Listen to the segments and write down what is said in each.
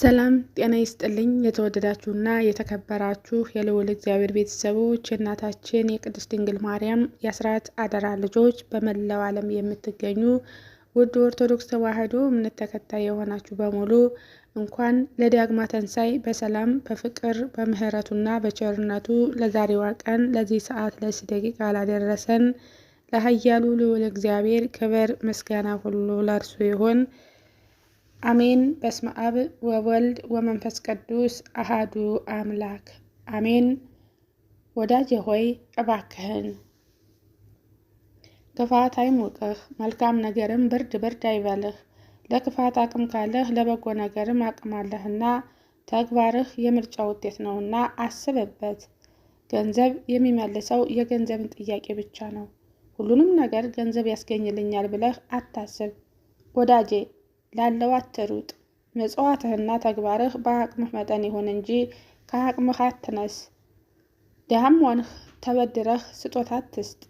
ሰላም ጤና ይስጥልኝ። የተወደዳችሁና የተከበራችሁ የልዑል እግዚአብሔር ቤተሰቦች የእናታችን የቅድስት ድንግል ማርያም የአስራት አደራ ልጆች በመላው ዓለም የምትገኙ ውድ ኦርቶዶክስ ተዋሕዶ እምነት ተከታይ የሆናችሁ በሙሉ እንኳን ለዳግማ ተንሳይ በሰላም በፍቅር በምሕረቱና በቸርነቱ ለዛሬዋ ቀን ለዚህ ሰዓት ለዚህ ደቂቃ ላደረሰን ለኃያሉ ልዑል እግዚአብሔር ክብር ምስጋና ሁሉ ለእርሱ ይሁን። አሜን። በስመ አብ ወወልድ ወመንፈስ ቅዱስ አሃዱ አምላክ አሜን። ወዳጅ ሆይ እባክህን ክፋት አይሙቅህ፣ መልካም ነገርም ብርድ ብርድ አይበልህ። ለክፋት አቅም ካለህ ለበጎ ነገርም አቅም አለህና ተግባርህ የምርጫ ውጤት ነውና አስብበት። ገንዘብ የሚመልሰው የገንዘብን ጥያቄ ብቻ ነው። ሁሉንም ነገር ገንዘብ ያስገኝልኛል ብለህ አታስብ ወዳጄ ላለው አትሩጥ። ምጽዋትህና ተግባርህ በአቅምህ መጠን ይሁን እንጂ ከአቅምህ አትነስ። ድሃም ሆንህ ተበድረህ ስጦታ አትስጥ።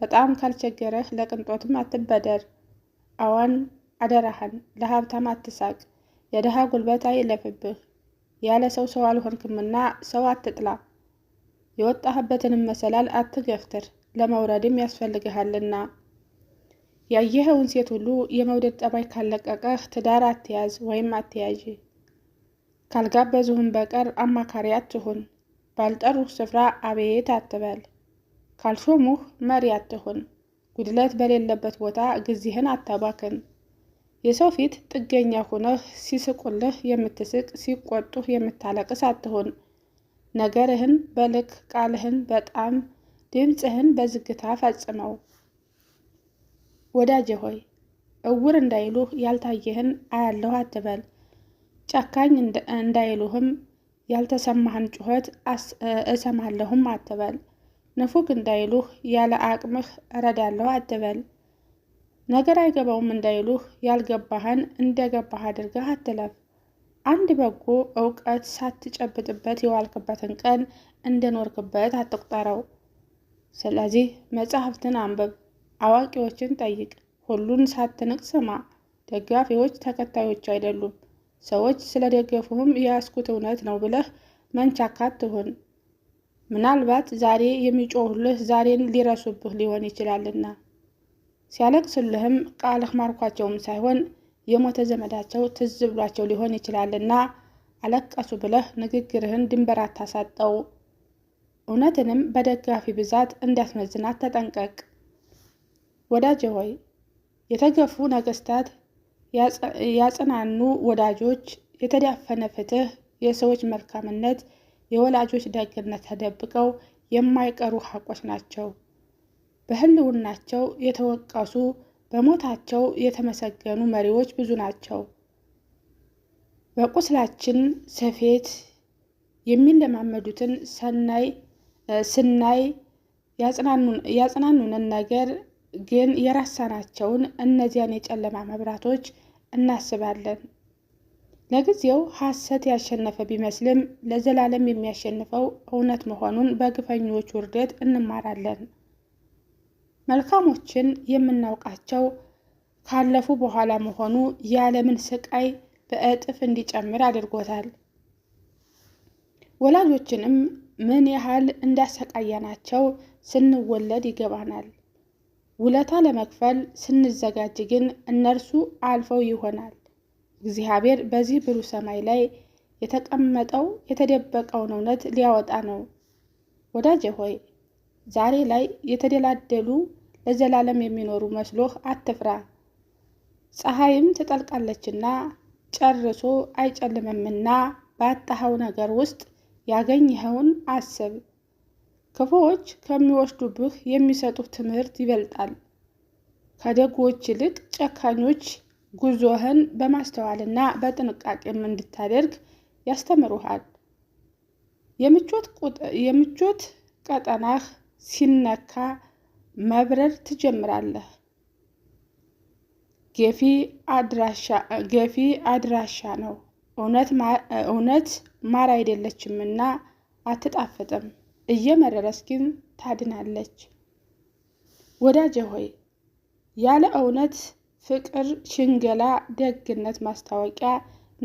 በጣም ካልቸገረህ ለቅንጦትም አትበደር። አዋን አደራህን ለሀብታም አትሳቅ። የድሃ ጉልበት አይለፍብህ። ያለ ሰው ሰው አልሆንክምና ሰው አትጥላ። የወጣህበትንም መሰላል አትገፍትር፣ ለመውረድም ያስፈልግሃልና። ያየኸውን ሴት ሁሉ የመውደድ ጠባይ ካለቀቀህ ትዳር አትያዝ ወይም አትያዥ። ካልጋበዙህም በቀር አማካሪ አትሁን። ባልጠሩህ ስፍራ አቤት አትበል። ካልሾሙህ መሪ አትሁን። ጉድለት በሌለበት ቦታ ጊዜህን አታባክን። የሰው ፊት ጥገኛ ሆነህ ሲስቁልህ የምትስቅ ሲቆጡህ የምታለቅስ አትሁን። ነገርህን በልክ ቃልህን በጣም ድምፅህን በዝግታ ፈጽመው። ወዳጄ ሆይ እውር እንዳይሉህ ያልታየህን አያለሁ አትበል። ጨካኝ እንዳይሉህም ያልተሰማህን ጩኸት እሰማለሁም አትበል። ንፉግ እንዳይሉህ ያለ አቅምህ እረዳለሁ አትበል። ነገር አይገባውም እንዳይሉህ ያልገባህን እንደገባህ አድርገህ አትለፍ። አንድ በጎ እውቀት ሳትጨብጥበት የዋልክበትን ቀን እንደኖርክበት አትቁጠረው። ስለዚህ መጽሐፍትን አንብብ አዋቂዎችን ጠይቅ፣ ሁሉን ሳትንቅ ስማ። ደጋፊዎች ተከታዮች አይደሉም። ሰዎች ስለደገፉህም የያዝኩት እውነት ነው ብለህ መንቻካት ትሁን። ምናልባት ዛሬ የሚጮሁልህ ዛሬን ሊረሱብህ ሊሆን ይችላልና ሲያለቅሱልህም ቃልህ ማርኳቸውም ሳይሆን የሞተ ዘመዳቸው ትዝ ብሏቸው ሊሆን ይችላልና አለቀሱ ብለህ ንግግርህን ድንበር አታሳጠው። እውነትንም በደጋፊ ብዛት እንዳትመዝናት ተጠንቀቅ። ወዳጅ ሆይ የተገፉ ነገስታት ያጸናኑ ወዳጆች፣ የተዳፈነ ፍትህ፣ የሰዎች መልካምነት፣ የወላጆች ደግነት ተደብቀው የማይቀሩ ሀቆች ናቸው። በህልውናቸው የተወቀሱ በሞታቸው የተመሰገኑ መሪዎች ብዙ ናቸው። በቁስላችን ስፌት የሚለማመዱትን ስናይ ያጽናኑንን ነገር ግን የረሳናቸውን እነዚያን የጨለማ መብራቶች እናስባለን። ለጊዜው ሐሰት ያሸነፈ ቢመስልም ለዘላለም የሚያሸንፈው እውነት መሆኑን በግፈኞች ውርደት እንማራለን። መልካሞችን የምናውቃቸው ካለፉ በኋላ መሆኑ የዓለምን ስቃይ በእጥፍ እንዲጨምር አድርጎታል። ወላጆችንም ምን ያህል እንዳሰቃያናቸው ስንወለድ ይገባናል። ውለታ ለመክፈል ስንዘጋጅ ግን እነርሱ አልፈው ይሆናል። እግዚአብሔር በዚህ ብሩህ ሰማይ ላይ የተቀመጠው የተደበቀውን እውነት ሊያወጣ ነው። ወዳጄ ሆይ ዛሬ ላይ የተደላደሉ ለዘላለም የሚኖሩ መስሎህ አትፍራ። ፀሐይም ትጠልቃለችና ጨርሶ አይጨልምምና ባጣኸው ነገር ውስጥ ያገኘኸውን አስብ። ክፉዎች ከሚወስዱብህ የሚሰጡህ ትምህርት ይበልጣል። ከደጎች ይልቅ ጨካኞች ጉዞህን በማስተዋልና በጥንቃቄም እንድታደርግ ያስተምሩሃል። የምቾት ቀጠናህ ሲነካ መብረር ትጀምራለህ። ገፊ አድራሻ ነው። እውነት ማር አይደለችምና አትጣፍጥም። እየመረረች ግን ታድናለች። ወዳጄ ሆይ ያለ እውነት ፍቅር ሽንገላ፣ ደግነት ማስታወቂያ፣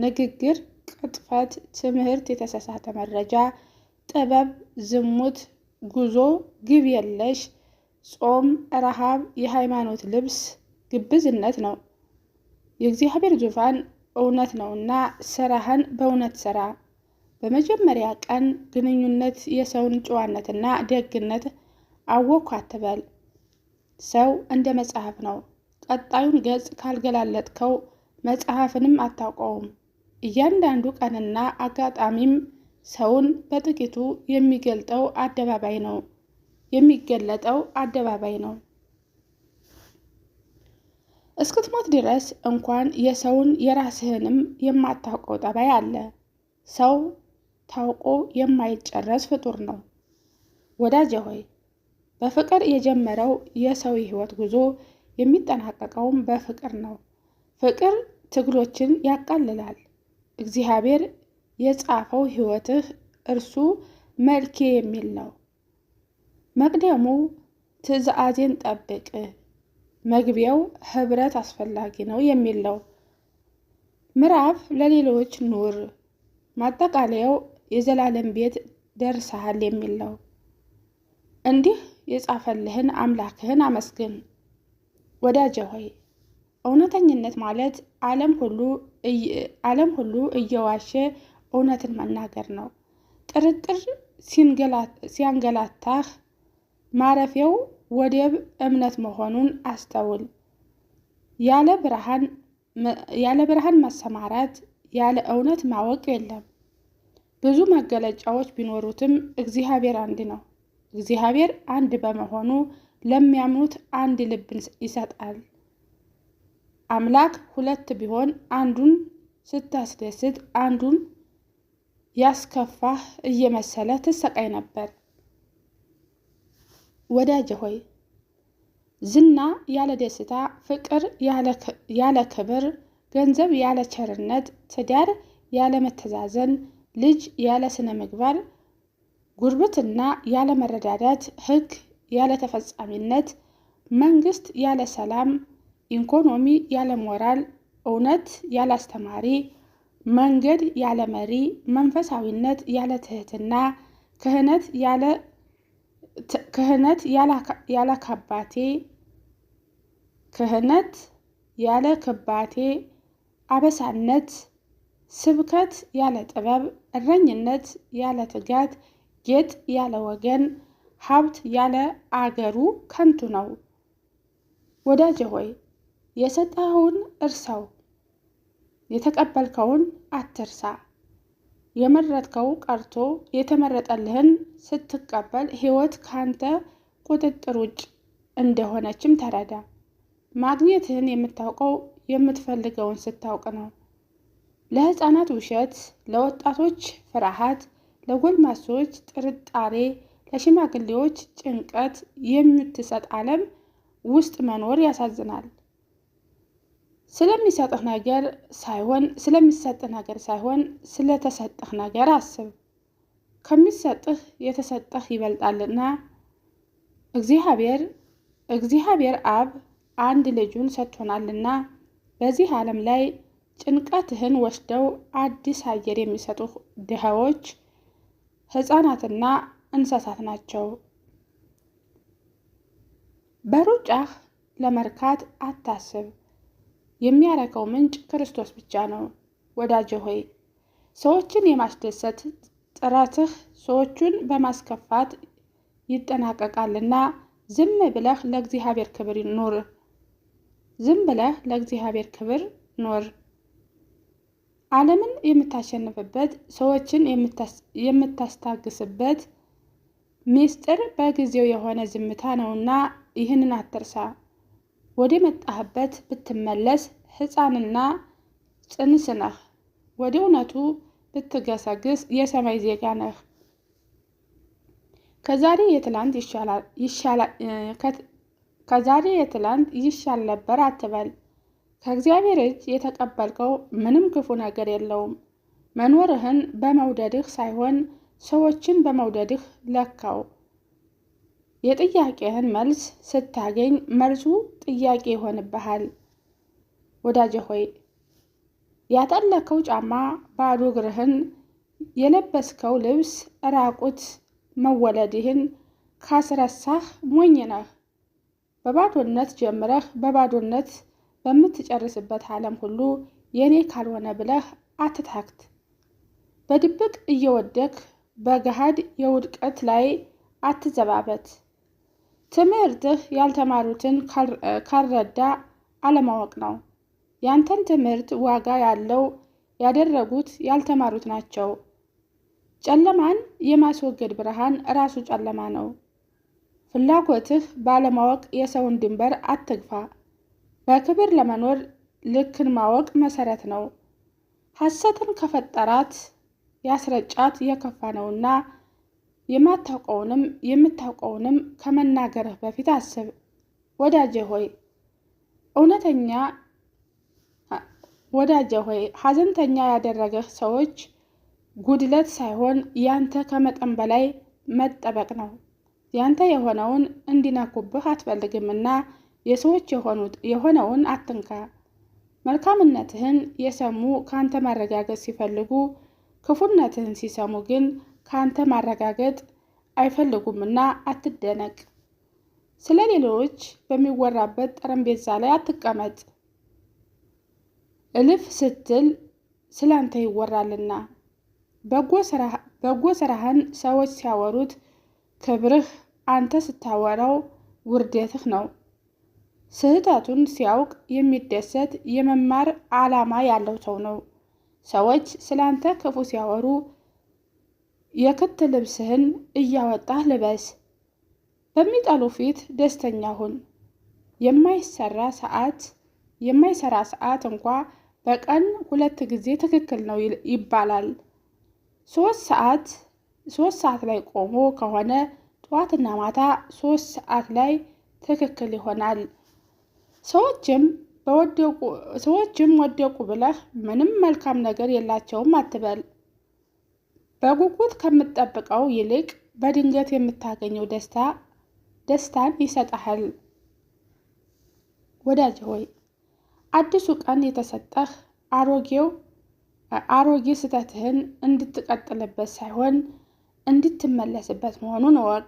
ንግግር ቅጥፈት፣ ትምህርት፣ የተሳሳተ መረጃ፣ ጥበብ፣ ዝሙት፣ ጉዞ፣ ግብ የለሽ ጾም፣ ረሃብ፣ የሃይማኖት ልብስ ግብዝነት ነው። የእግዚአብሔር ዙፋን እውነት ነውና ስራህን በእውነት ስራ። በመጀመሪያ ቀን ግንኙነት የሰውን ጨዋነትና ደግነት አወቅኩ አትበል። ሰው እንደ መጽሐፍ ነው። ቀጣዩን ገጽ ካልገላለጥከው መጽሐፍንም አታውቀውም። እያንዳንዱ ቀንና አጋጣሚም ሰውን በጥቂቱ የሚገልጠው አደባባይ ነው የሚገለጠው አደባባይ ነው። እስክትሞት ድረስ እንኳን የሰውን የራስህንም የማታውቀው ጠባይ አለ ሰው ታውቆ የማይጨረስ ፍጡር ነው። ወዳጄ ሆይ በፍቅር የጀመረው የሰው ህይወት ጉዞ የሚጠናቀቀውም በፍቅር ነው። ፍቅር ትግሎችን ያቃልላል። እግዚአብሔር የጻፈው ሕይወትህ እርሱ መልኬ የሚል ነው። መቅደሙ ትዕዛዜን ጠብቅ፣ መግቢያው ህብረት አስፈላጊ ነው የሚል ነው። ምዕራፍ ለሌሎች ኑር፣ ማጠቃለያው የዘላለም ቤት ደርሰሃል የሚል ነው። እንዲህ የጻፈልህን አምላክህን አመስግን። ወዳጄ ሆይ እውነተኝነት ማለት ዓለም ሁሉ እየዋሸ እውነትን መናገር ነው። ጥርጥር ሲያንገላታህ ማረፊያው ወደብ እምነት መሆኑን አስተውል። ያለ ብርሃን መሰማራት፣ ያለ እውነት ማወቅ የለም። ብዙ መገለጫዎች ቢኖሩትም እግዚአብሔር አንድ ነው። እግዚአብሔር አንድ በመሆኑ ለሚያምኑት አንድ ልብን ይሰጣል። አምላክ ሁለት ቢሆን አንዱን ስታስደስት አንዱን ያስከፋህ እየመሰለ ትሰቃይ ነበር። ወዳጅ ሆይ ዝና ያለ ደስታ፣ ፍቅር ያለ ክብር፣ ገንዘብ ያለ ቸርነት፣ ትዳር ያለ መተዛዘን ልጅ ያለ ስነ ምግባር፣ ጉርብትና ያለ መረዳዳት፣ ህግ ያለ ተፈጻሚነት፣ መንግስት ያለ ሰላም፣ ኢኮኖሚ ያለ ሞራል፣ እውነት ያለ አስተማሪ፣ መንገድ ያለ መሪ፣ መንፈሳዊነት ያለ ትህትና፣ ክህነት ያለ ክህነት ያለ ካባቴ ክህነት ያለ ክባቴ፣ አበሳነት፣ ስብከት ያለ ጥበብ እረኝነት ያለ ትጋት፣ ጌጥ ያለ ወገን፣ ሀብት ያለ አገሩ ከንቱ ነው። ወዳጄ ሆይ የሰጠኸውን እርሳው፣ የተቀበልከውን አትርሳ። የመረጥከው ቀርቶ የተመረጠልህን ስትቀበል ሕይወት ካንተ ቁጥጥር ውጭ እንደሆነችም ተረዳ። ማግኘትህን የምታውቀው የምትፈልገውን ስታውቅ ነው። ለህፃናት ውሸት፣ ለወጣቶች ፍርሃት፣ ለጎልማሶች ጥርጣሬ፣ ለሽማግሌዎች ጭንቀት የምትሰጥ ዓለም ውስጥ መኖር ያሳዝናል። ስለሚሰጥህ ነገር ሳይሆን ስለሚሰጥህ ነገር ሳይሆን ስለተሰጠህ ነገር አስብ። ከሚሰጥህ የተሰጠህ ይበልጣልና። እግዚአብሔር እግዚአብሔር አብ አንድ ልጁን ሰጥቶናልና በዚህ ዓለም ላይ ጭንቀትህን ወስደው አዲስ አየር የሚሰጡ ድሃዎች ህፃናትና እንስሳት ናቸው። በሩጫህ ለመርካት አታስብ፣ የሚያረከው ምንጭ ክርስቶስ ብቻ ነው። ወዳጄ ሆይ ሰዎችን የማስደሰት ጥረትህ ሰዎቹን በማስከፋት ይጠናቀቃልና ዝም ብለህ ለእግዚአብሔር ክብር ኑር። ዝም ብለህ ለእግዚአብሔር ክብር ኖር! ዓለምን የምታሸንፍበት ሰዎችን የምታስታግስበት ሚስጥር በጊዜው የሆነ ዝምታ ነውና ይህንን አትርሳ። ወደ መጣህበት ብትመለስ ሕፃንና ጽንስ ነህ። ወደ እውነቱ ብትገሰግስ የሰማይ ዜጋ ነህ። ከዛሬ የትላንት ይሻል ከዛሬ የትላንት ይሻል ነበር አትበል። ከእግዚአብሔር እጅ የተቀበልከው ምንም ክፉ ነገር የለውም። መኖርህን በመውደድህ ሳይሆን ሰዎችን በመውደድህ ለካው። የጥያቄህን መልስ ስታገኝ መልሱ ጥያቄ ይሆንብሃል። ወዳጄ ሆይ ያጠለከው ጫማ፣ ባዶ እግርህን የለበስከው ልብስ፣ ራቁት መወለድህን ካስረሳህ ሞኝ ነህ። በባዶነት ጀምረህ በባዶነት በምትጨርስበት ዓለም ሁሉ የእኔ ካልሆነ ብለህ አትታክት። በድብቅ እየወደክ በገሃድ የውድቀት ላይ አትዘባበት። ትምህርትህ ያልተማሩትን ካልረዳ አለማወቅ ነው። ያንተን ትምህርት ዋጋ ያለው ያደረጉት ያልተማሩት ናቸው። ጨለማን የማስወገድ ብርሃን ራሱ ጨለማ ነው። ፍላጎትህ ባለማወቅ የሰውን ድንበር አትግፋ። በክብር ለመኖር ልክን ማወቅ መሰረት ነው። ሐሰትን ከፈጠራት ያስረጫት የከፋ ነውና የማታውቀውንም የምታውቀውንም ከመናገርህ በፊት አስብ። ወዳጄ ሆይ እውነተኛ ወዳጄ ሆይ ሐዘንተኛ ያደረገህ ሰዎች ጉድለት ሳይሆን ያንተ ከመጠን በላይ መጠበቅ ነው። ያንተ የሆነውን እንዲነኩብህ አትፈልግምና የሰዎች የሆነውን አትንካ። መልካምነትህን የሰሙ ከአንተ ማረጋገጥ ሲፈልጉ፣ ክፉነትህን ሲሰሙ ግን ከአንተ ማረጋገጥ አይፈልጉምና አትደነቅ። ስለ ሌሎች በሚወራበት ጠረጴዛ ላይ አትቀመጥ፣ እልፍ ስትል ስላንተ ይወራልና። በጎ ስራህን ሰዎች ሲያወሩት ክብርህ፣ አንተ ስታወራው ውርደትህ ነው። ስህተቱን ሲያውቅ የሚደሰት የመማር ዓላማ ያለው ሰው ነው። ሰዎች ስላንተ ክፉ ሲያወሩ የክት ልብስህን እያወጣህ ልበስ። በሚጠሉ ፊት ደስተኛ ሁን። የማይሰራ ሰዓት የማይሰራ ሰዓት እንኳ በቀን ሁለት ጊዜ ትክክል ነው ይባላል። ሶስት ሰዓት ሶስት ሰዓት ላይ ቆሞ ከሆነ ጠዋትና ማታ ሶስት ሰዓት ላይ ትክክል ይሆናል። ሰዎችም ሰዎችም ወደቁ ብለህ ምንም መልካም ነገር የላቸውም አትበል። በጉጉት ከምትጠብቀው ይልቅ በድንገት የምታገኘው ደስታ ደስታን ይሰጠሃል። ወዳጅ ሆይ አዲሱ ቀን የተሰጠህ አሮጌው አሮጌ ስህተትህን እንድትቀጥልበት ሳይሆን እንድትመለስበት መሆኑን እወቅ።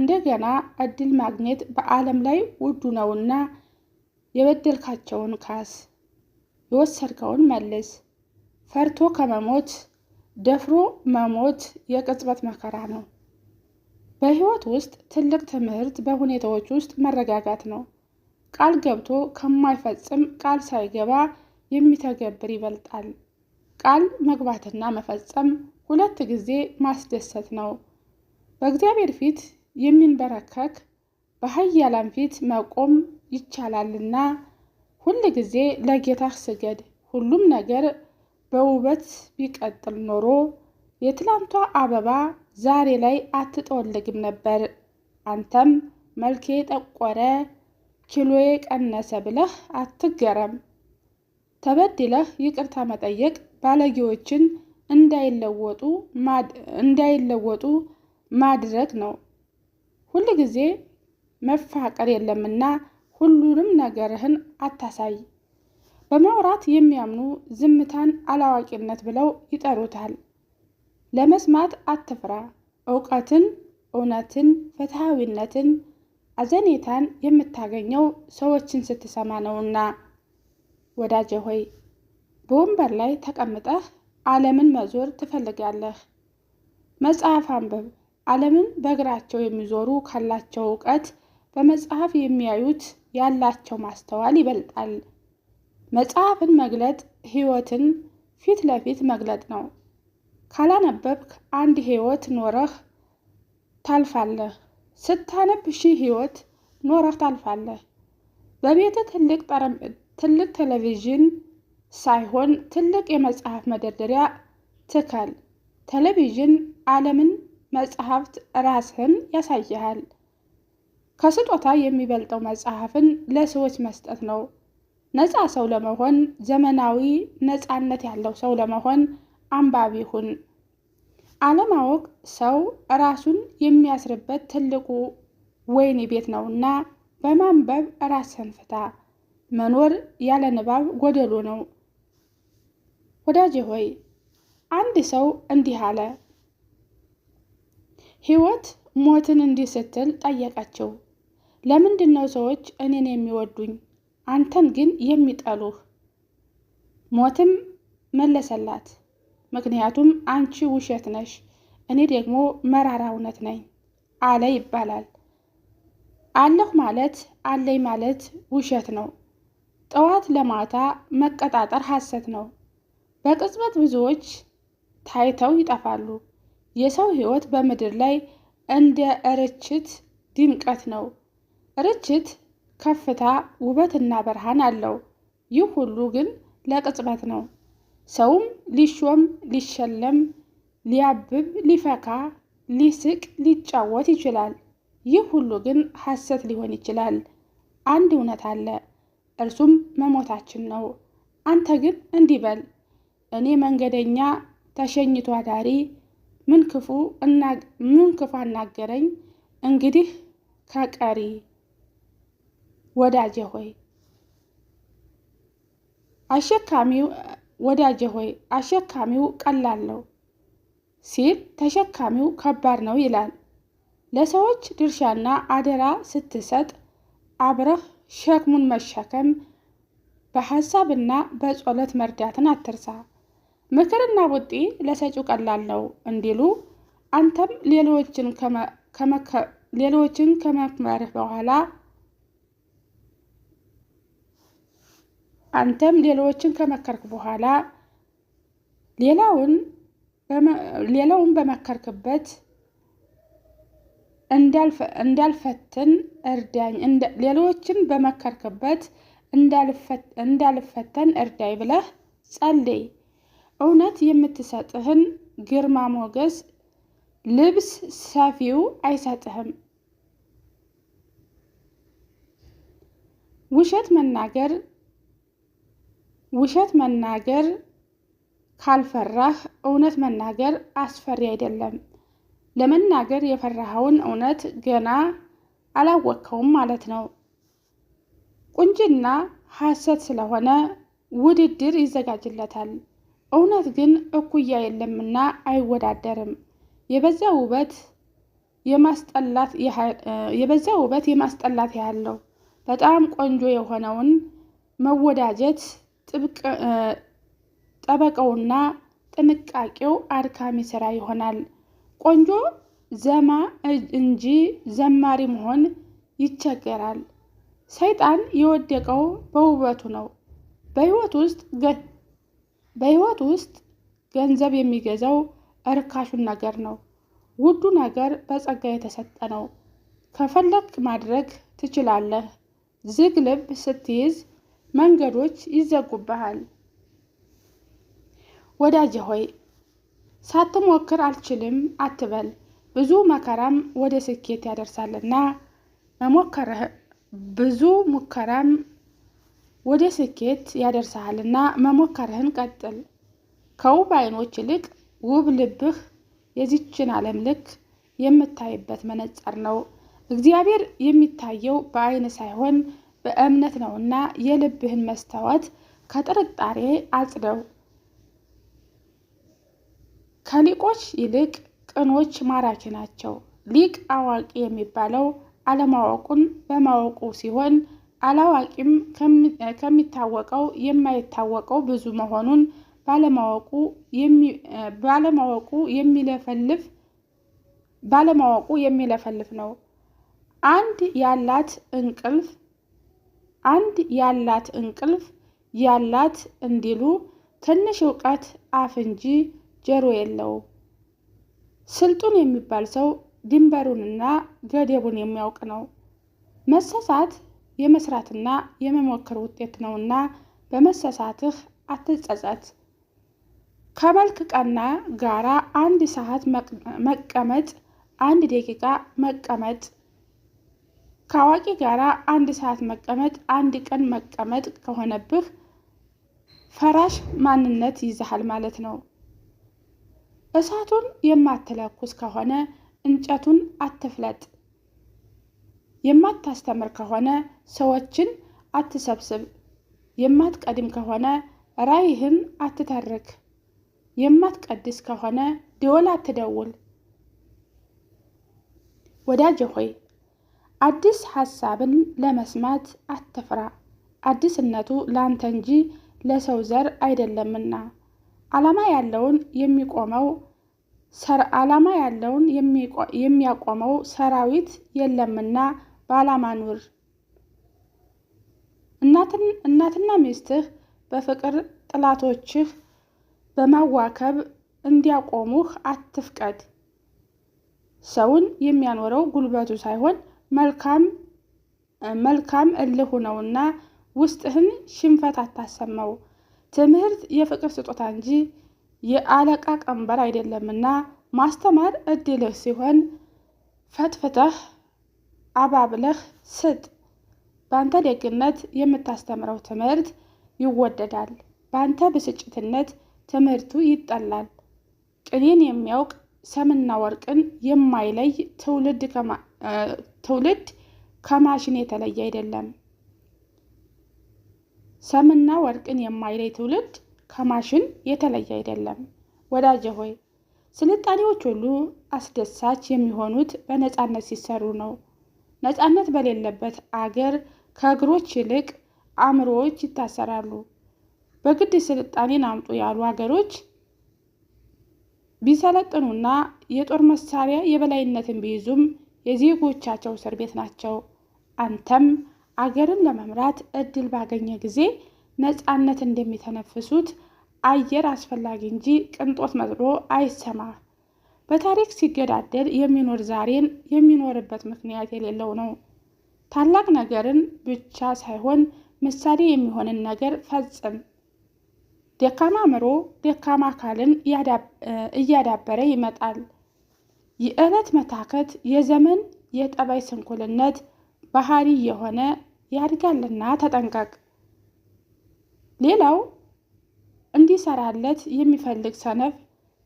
እንደገና እድል ማግኘት በዓለም ላይ ውዱ ነውና የበደልካቸውን ካስ፣ የወሰድከውን መልስ። ፈርቶ ከመሞት ደፍሮ መሞት የቅጽበት መከራ ነው። በህይወት ውስጥ ትልቅ ትምህርት በሁኔታዎች ውስጥ መረጋጋት ነው። ቃል ገብቶ ከማይፈጽም ቃል ሳይገባ የሚተገብር ይበልጣል። ቃል መግባትና መፈጸም ሁለት ጊዜ ማስደሰት ነው። በእግዚአብሔር ፊት የሚንበረከክ በኃያላን ፊት መቆም ይቻላልና ሁል ጊዜ ለጌታህ ስገድ። ሁሉም ነገር በውበት ቢቀጥል ኖሮ የትላንቷ አበባ ዛሬ ላይ አትጠወልግም ነበር። አንተም መልኬ ጠቆረ፣ ኪሎዬ ቀነሰ ብለህ አትገረም። ተበድለህ ይቅርታ መጠየቅ ባለጌዎችን እንዳይለወጡ ማድረግ ነው። ሁል ጊዜ መፋቀር የለምና ሁሉንም ነገርህን አታሳይ። በማውራት የሚያምኑ ዝምታን አላዋቂነት ብለው ይጠሩታል። ለመስማት አትፍራ። እውቀትን፣ እውነትን፣ ፍትሐዊነትን፣ አዘኔታን የምታገኘው ሰዎችን ስትሰማ ነውና። ወዳጄ ሆይ በወንበር ላይ ተቀምጠህ ዓለምን መዞር ትፈልጋለህ? መጽሐፍ አንብብ። ዓለምን በእግራቸው የሚዞሩ ካላቸው እውቀት በመጽሐፍ የሚያዩት ያላቸው ማስተዋል ይበልጣል። መጽሐፍን መግለጥ ሕይወትን ፊት ለፊት መግለጥ ነው። ካላነበብክ አንድ ሕይወት ኖረህ ታልፋለህ። ስታነብ ሺህ ሕይወት ኖረህ ታልፋለህ። በቤት ትልቅ ትልቅ ቴሌቪዥን ሳይሆን ትልቅ የመጽሐፍ መደርደሪያ ትከል። ቴሌቪዥን ዓለምን፣ መጽሐፍት ራስህን ያሳይሃል። ከስጦታ የሚበልጠው መጽሐፍን ለሰዎች መስጠት ነው። ነፃ ሰው ለመሆን ዘመናዊ ነፃነት ያለው ሰው ለመሆን አንባቢ ሁን። አለማወቅ ሰው ራሱን የሚያስርበት ትልቁ ወይኒ ቤት ነውና በማንበብ ራስን ፍታ። መኖር ያለ ንባብ ጎደሎ ነው። ወዳጄ ሆይ አንድ ሰው እንዲህ አለ። ሕይወት ሞትን እንዲህ ስትል ጠየቀችው። ለምንድን ነው ሰዎች እኔን የሚወዱኝ አንተን ግን የሚጠሉህ? ሞትም መለሰላት፣ ምክንያቱም አንቺ ውሸት ነሽ፣ እኔ ደግሞ መራራ እውነት ነኝ አለ ይባላል። አለሁ ማለት አለኝ ማለት ውሸት ነው። ጠዋት ለማታ መቀጣጠር ሐሰት ነው። በቅጽበት ብዙዎች ታይተው ይጠፋሉ። የሰው ሕይወት በምድር ላይ እንደ እርችት ድምቀት ነው። ርችት ከፍታ ውበትና ብርሃን አለው። ይህ ሁሉ ግን ለቅጽበት ነው። ሰውም ሊሾም፣ ሊሸለም፣ ሊያብብ፣ ሊፈካ፣ ሊስቅ፣ ሊጫወት ይችላል። ይህ ሁሉ ግን ሐሰት ሊሆን ይችላል። አንድ እውነት አለ፣ እርሱም መሞታችን ነው። አንተ ግን እንዲህ በል፣ እኔ መንገደኛ ተሸኝቶ አዳሪ ምን ክፉ አናገረኝ እንግዲህ ከቀሪ ወዳጄ ሆይ አሸካሚው ወዳጄ ሆይ አሸካሚው ቀላል ነው ሲል ተሸካሚው ከባድ ነው ይላል። ለሰዎች ድርሻና አደራ ስትሰጥ አብረህ ሸክሙን መሸከም በሀሳብና በጸሎት መርዳትን አትርሳ። ምክርና ውጢ ለሰጪው ቀላል ነው እንዲሉ አንተም ሌሎችን ከመክመርህ በኋላ አንተም ሌሎችን ከመከርክ በኋላ ሌላውን ሌላውን በመከርክበት እንዳልፈትን እርዳኝ፣ ሌሎችን በመከርክበት እንዳልፈተን እርዳኝ ብለህ ጸልይ። እውነት የምትሰጥህን ግርማ ሞገስ ልብስ ሰፊው አይሰጥህም። ውሸት መናገር ውሸት መናገር ካልፈራህ እውነት መናገር አስፈሪ አይደለም። ለመናገር የፈራኸውን እውነት ገና አላወቅከውም ማለት ነው። ቁንጅና ሐሰት ስለሆነ ውድድር ይዘጋጅለታል። እውነት ግን እኩያ የለምና አይወዳደርም። የበዛ ውበት የማስጠላት ያህል ነው። በጣም ቆንጆ የሆነውን መወዳጀት ጠበቃውና ጥንቃቄው አድካሚ ስራ ይሆናል። ቆንጆ ዘማ እንጂ ዘማሪ መሆን ይቸገራል። ሰይጣን የወደቀው በውበቱ ነው። በሕይወት ውስጥ ገንዘብ የሚገዛው እርካሹን ነገር ነው። ውዱ ነገር በጸጋ የተሰጠ ነው። ከፈለክ ማድረግ ትችላለህ። ዝግ ልብ ስትይዝ መንገዶች ይዘጉብሃል። ወዳጄ ሆይ ሳትሞክር አልችልም አትበል። ብዙ መከራም ወደ ስኬት ያደርሳልና መሞከርህ ብዙ ሙከራም ወደ ስኬት ያደርሳልና መሞከርህን ቀጥል። ከውብ አይኖች ይልቅ ውብ ልብህ የዚችን ዓለም ልክ የምታይበት መነጽር ነው። እግዚአብሔር የሚታየው በአይን ሳይሆን በእምነት ነውና የልብህን መስታወት ከጥርጣሬ አጽደው። ከሊቆች ይልቅ ቅኖች ማራኪ ናቸው። ሊቅ አዋቂ የሚባለው አለማወቁን በማወቁ ሲሆን አላዋቂም ከሚታወቀው የማይታወቀው ብዙ መሆኑን ባለማወቁ የሚለፈልፍ ባለማወቁ የሚለፈልፍ ነው። አንድ ያላት እንቅልፍ አንድ ያላት እንቅልፍ ያላት እንዲሉ ትንሽ እውቀት አፍ እንጂ ጆሮ የለው ስልጡን የሚባል ሰው ድንበሩንና ገደቡን የሚያውቅ ነው። መሰሳት የመስራትና የመሞከር ውጤት ነውና በመሰሳትህ አትጸጸት። ከመልክ ቀና ጋራ አንድ ሰዓት መቀመጥ፣ አንድ ደቂቃ መቀመጥ ከአዋቂ ጋር አንድ ሰዓት መቀመጥ አንድ ቀን መቀመጥ ከሆነብህ ፈራሽ ማንነት ይዛሃል ማለት ነው። እሳቱን የማትለኩስ ከሆነ እንጨቱን አትፍለጥ። የማታስተምር ከሆነ ሰዎችን አትሰብስብ። የማትቀድም ከሆነ ራይህን አትተርክ። የማትቀድስ ከሆነ ደወል አትደውል። ወዳጅ ሆይ አዲስ ሀሳብን ለመስማት አትፍራ፣ አዲስነቱ ላንተ እንጂ ለሰው ዘር አይደለምና። ዓላማ ያለውን የሚቆመው ዓላማ ያለውን የሚያቆመው ሰራዊት የለምና በዓላማ ኑር። እናትና ሚስትህ በፍቅር ጥላቶችህ በማዋከብ እንዲያቆሙህ አትፍቀድ። ሰውን የሚያኖረው ጉልበቱ ሳይሆን መልካም መልካም እልሁ ነውና ውስጥህን ሽንፈት አታሰማው። ትምህርት የፍቅር ስጦታ እንጂ የአለቃ ቀንበር አይደለምና ማስተማር እድልህ ሲሆን ፈትፍተህ አባብለህ ስጥ። በአንተ ደግነት የምታስተምረው ትምህርት ይወደዳል፣ በአንተ ብስጭትነት ትምህርቱ ይጠላል። ቅኔን የሚያውቅ ሰምና ወርቅን የማይለይ ትውልድ ትውልድ ከማሽን የተለየ አይደለም። ሰምና ወርቅን የማይለይ ትውልድ ከማሽን የተለየ አይደለም። ወዳጄ ሆይ ስልጣኔዎች ሁሉ አስደሳች የሚሆኑት በነፃነት ሲሰሩ ነው። ነፃነት በሌለበት አገር ከእግሮች ይልቅ አእምሮዎች ይታሰራሉ። በግድ ስልጣኔን አምጡ ያሉ አገሮች ቢሰለጥኑና የጦር መሳሪያ የበላይነትን ቢይዙም የዜጎቻቸው እስር ቤት ናቸው። አንተም አገርን ለመምራት እድል ባገኘ ጊዜ ነፃነት እንደሚተነፍሱት አየር አስፈላጊ እንጂ ቅንጦት መስሎ አይሰማ። በታሪክ ሲገዳደል የሚኖር ዛሬን የሚኖርበት ምክንያት የሌለው ነው። ታላቅ ነገርን ብቻ ሳይሆን ምሳሌ የሚሆንን ነገር ፈጽም። ደካማ አእምሮ ደካማ አካልን እያዳበረ ይመጣል። የእለት መታከት የዘመን የጠባይ ስንኩልነት ባህሪ የሆነ ያድጋልና ተጠንቀቅ። ሌላው እንዲሰራለት የሚፈልግ ሰነፍ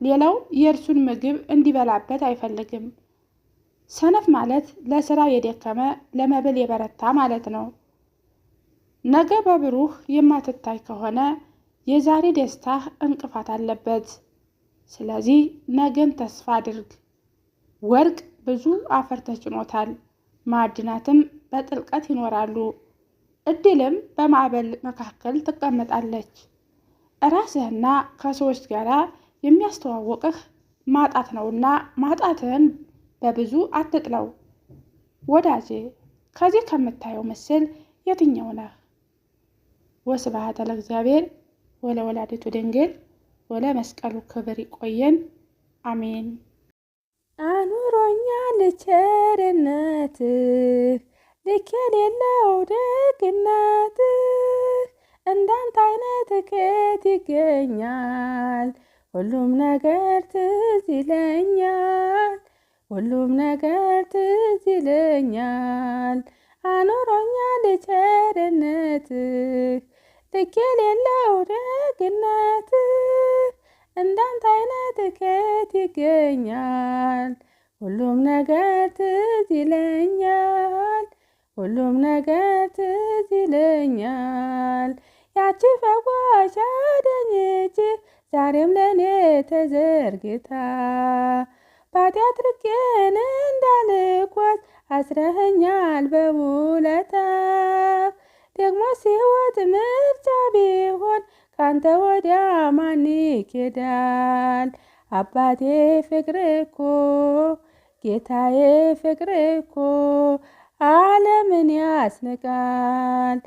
ሌላው የእርሱን ምግብ እንዲበላበት አይፈልግም። ሰነፍ ማለት ለስራ የደከመ ለመብል የበረታ ማለት ነው። ነገ በብሩህ የማትታይ ከሆነ የዛሬ ደስታህ እንቅፋት አለበት። ስለዚህ ነገን ተስፋ አድርግ። ወርቅ ብዙ አፈር ተጭኖታል። ማዕድናትም በጥልቀት ይኖራሉ። እድልም በማዕበል መካከል ትቀመጣለች። እራስህና ከሰዎች ጋር የሚያስተዋውቅህ ማጣት ነውና ማጣትህን በብዙ አትጥለው። ወዳጄ ከዚህ ከምታየው ምስል የትኛው ነህ? ወስብሐት ለእግዚአብሔር ወለወላዲቱ ድንግል ወለመስቀሉ ክብር። ይቆየን። አሜን። አድርጎኛል ቸርነትህ ልክ የሌለው ደግነትህ እንዳንተ አይነት ከየት ይገኛል? ሁሉም ነገር ትዝ ይለኛል፣ ሁሉም ነገር ትዝ ይለኛል። አኖሮኛል ቸርነትህ ልክ የሌለው ደግነትህ እንዳንተ አይነት ከየት ይገኛል? ሁሉም ነገር ትዝ ይለኛል፣ ሁሉም ነገር ትዝ ይለኛል። ያቺ ፈዋሽ አዳኝ ዛሬም ለእኔ ተዘርግታ ባጢአት ርቄን እንዳልኳት አስረኸኛል በውለታ ደግሞ ሲወት ምርጫ ቢሆን ካንተ ወዲያ ማን ይኬዳል? አባቴ ፍቅር እኮ ጌታዬ ፍቅር እኮ ዓለምን ያስንቃል።